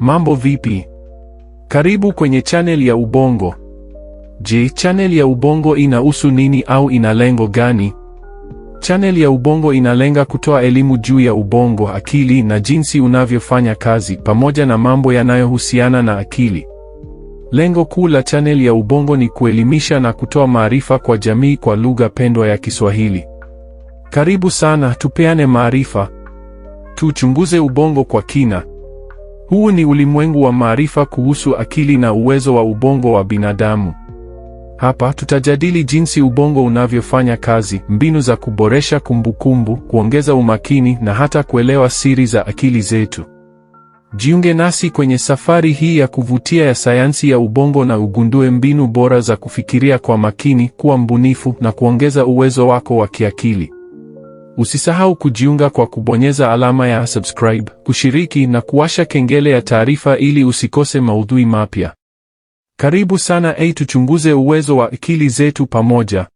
Mambo vipi? Karibu kwenye chaneli ya Ubongo. Je, chaneli ya Ubongo inahusu nini au ina lengo gani? Chaneli ya Ubongo inalenga kutoa elimu juu ya ubongo, akili na jinsi unavyofanya kazi pamoja na mambo yanayohusiana na akili. Lengo kuu la chaneli ya Ubongo ni kuelimisha na kutoa maarifa kwa jamii kwa lugha pendwa ya Kiswahili. Karibu sana, tupeane maarifa. Tuchunguze ubongo kwa kina. Huu ni ulimwengu wa maarifa kuhusu akili na uwezo wa ubongo wa binadamu. Hapa tutajadili jinsi ubongo unavyofanya kazi, mbinu za kuboresha kumbukumbu, kuongeza umakini na hata kuelewa siri za akili zetu. Jiunge nasi kwenye safari hii ya kuvutia ya sayansi ya ubongo na ugundue mbinu bora za kufikiria kwa makini, kuwa mbunifu na kuongeza uwezo wako wa kiakili. Usisahau kujiunga kwa kubonyeza alama ya subscribe, kushiriki na kuwasha kengele ya taarifa ili usikose maudhui mapya. Karibu sana ei, tuchunguze uwezo wa akili zetu pamoja.